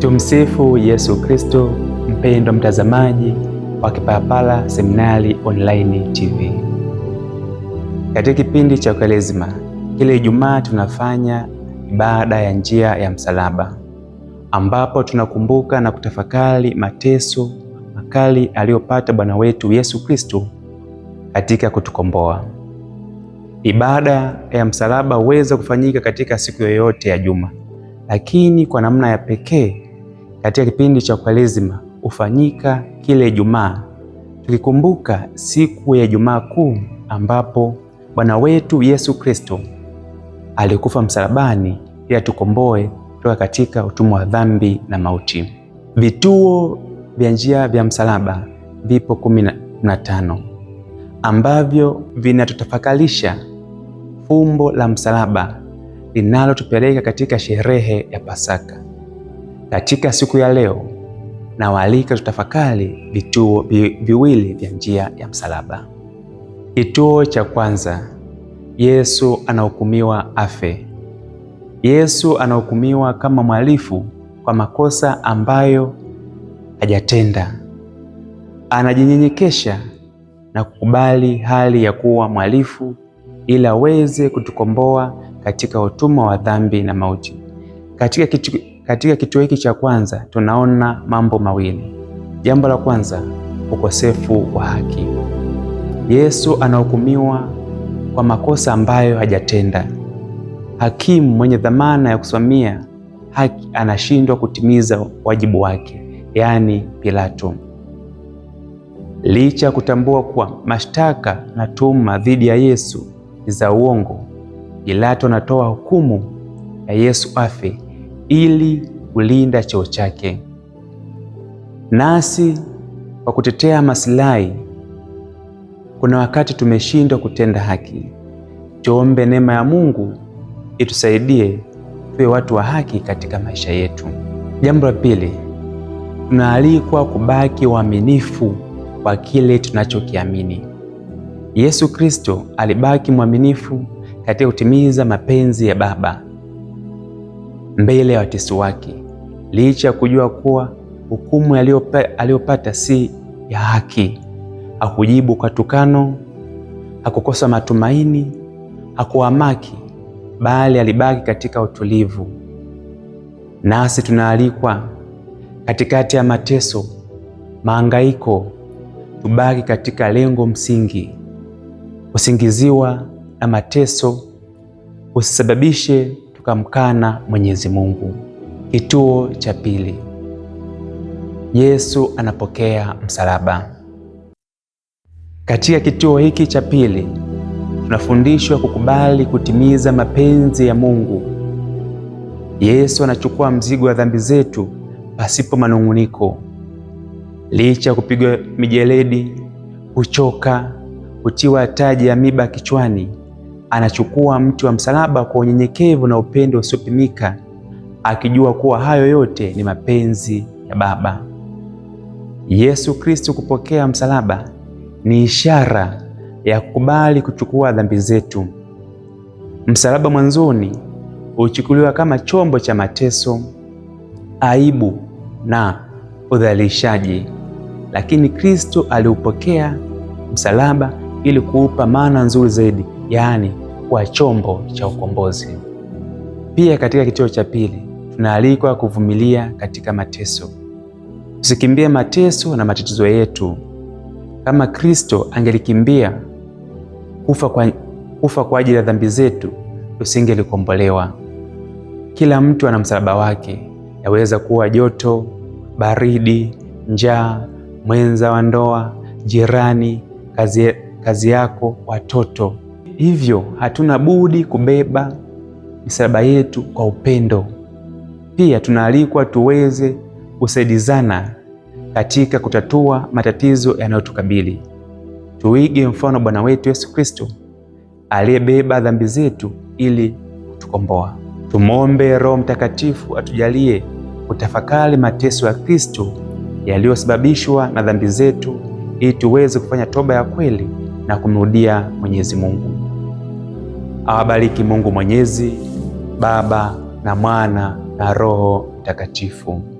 Tumsifu Yesu Kristo. Mpendwa mtazamaji wa Kipalapala Seminari Online TV, katika kipindi cha Kwaresima kila Ijumaa tunafanya ibada ya njia ya msalaba, ambapo tunakumbuka na kutafakari mateso makali aliyopata Bwana wetu Yesu Kristo katika kutukomboa. Ibada ya msalaba huweza kufanyika katika siku yoyote ya juma, lakini kwa namna ya pekee katika kipindi cha Kwaresima hufanyika kila Ijumaa, tukikumbuka siku ya Ijumaa Kuu ambapo Bwana wetu Yesu Kristo alikufa msalabani ili atukomboe kutoka katika utumwa wa dhambi na mauti. Vituo vya njia vya msalaba vipo kumi na tano ambavyo vinatutafakalisha fumbo la msalaba linalotupeleka katika sherehe ya Pasaka. Katika siku ya leo nawaalika tutafakari vituo viwili vya njia ya msalaba. Kituo cha kwanza, Yesu anahukumiwa afe. Yesu anahukumiwa kama mhalifu kwa makosa ambayo hajatenda. Anajinyenyekesha na kukubali hali ya kuwa mhalifu ili aweze kutukomboa katika utumwa wa dhambi na mauti. Katika katika kituo hiki cha kwanza tunaona mambo mawili. Jambo la kwanza, ukosefu wa haki. Yesu anahukumiwa kwa makosa ambayo hajatenda. Hakimu mwenye dhamana ya kusimamia haki anashindwa kutimiza wajibu wake, yaani Pilato, licha ya kutambua kuwa mashtaka na tuhuma dhidi ya Yesu ni za uongo. Pilato anatoa hukumu ya Yesu afe ili kulinda cheo chake, nasi kwa kutetea maslahi, kuna wakati tumeshindwa kutenda haki. Tuombe neema ya Mungu itusaidie tuwe watu wa haki katika maisha yetu. Jambo la pili, tunaalikwa kubaki waaminifu kwa kile tunachokiamini. Yesu Kristo alibaki mwaminifu katika kutimiza mapenzi ya Baba mbele ya watesi wake, licha ya kujua kuwa hukumu aliyopata si ya haki. Hakujibu kwa tukano, hakukosa matumaini, hakuhamaki, bali alibaki katika utulivu. Nasi tunaalikwa katikati ya mateso, maangaiko, tubaki katika lengo msingi. Kusingiziwa na mateso usisababishe tukamkana Mwenyezi Mungu. Kituo cha pili, Yesu anapokea msalaba. Katika kituo hiki cha pili tunafundishwa kukubali kutimiza mapenzi ya Mungu. Yesu anachukua mzigo wa dhambi zetu pasipo manung'uniko, licha ya kupigwa mijeledi, kuchoka, kutiwa taji ya miba kichwani anachukua mti wa msalaba kwa unyenyekevu na upendo usiopimika, akijua kuwa hayo yote ni mapenzi ya Baba. Yesu Kristo kupokea msalaba ni ishara ya kukubali kuchukua dhambi zetu. Msalaba mwanzoni huchukuliwa kama chombo cha mateso, aibu na udhalilishaji, lakini Kristo aliupokea msalaba ili kuupa maana nzuri zaidi yaani kuwa chombo cha ukombozi. Pia katika kituo cha pili tunaalikwa kuvumilia katika mateso. Tusikimbie mateso na matatizo yetu. Kama Kristo angelikimbia kufa kwa, kufa kwa ajili ya dhambi zetu, tusingelikombolewa. Kila mtu ana msalaba wake, yaweza kuwa joto, baridi, njaa, mwenza wa ndoa, jirani, kazi, kazi yako, watoto Hivyo hatuna budi kubeba misalaba yetu kwa upendo. Pia tunaalikwa tuweze kusaidizana katika kutatua matatizo yanayotukabili. Tuige mfano Bwana wetu Yesu Kristo aliyebeba dhambi zetu ili kutukomboa. Tumwombe Roho Mtakatifu atujalie kutafakari mateso ya Kristo yaliyosababishwa na dhambi zetu ili tuweze kufanya toba ya kweli na kumrudia Mwenyezi Mungu awabariki Mungu Mwenyezi, Baba na Mwana na Roho Mtakatifu.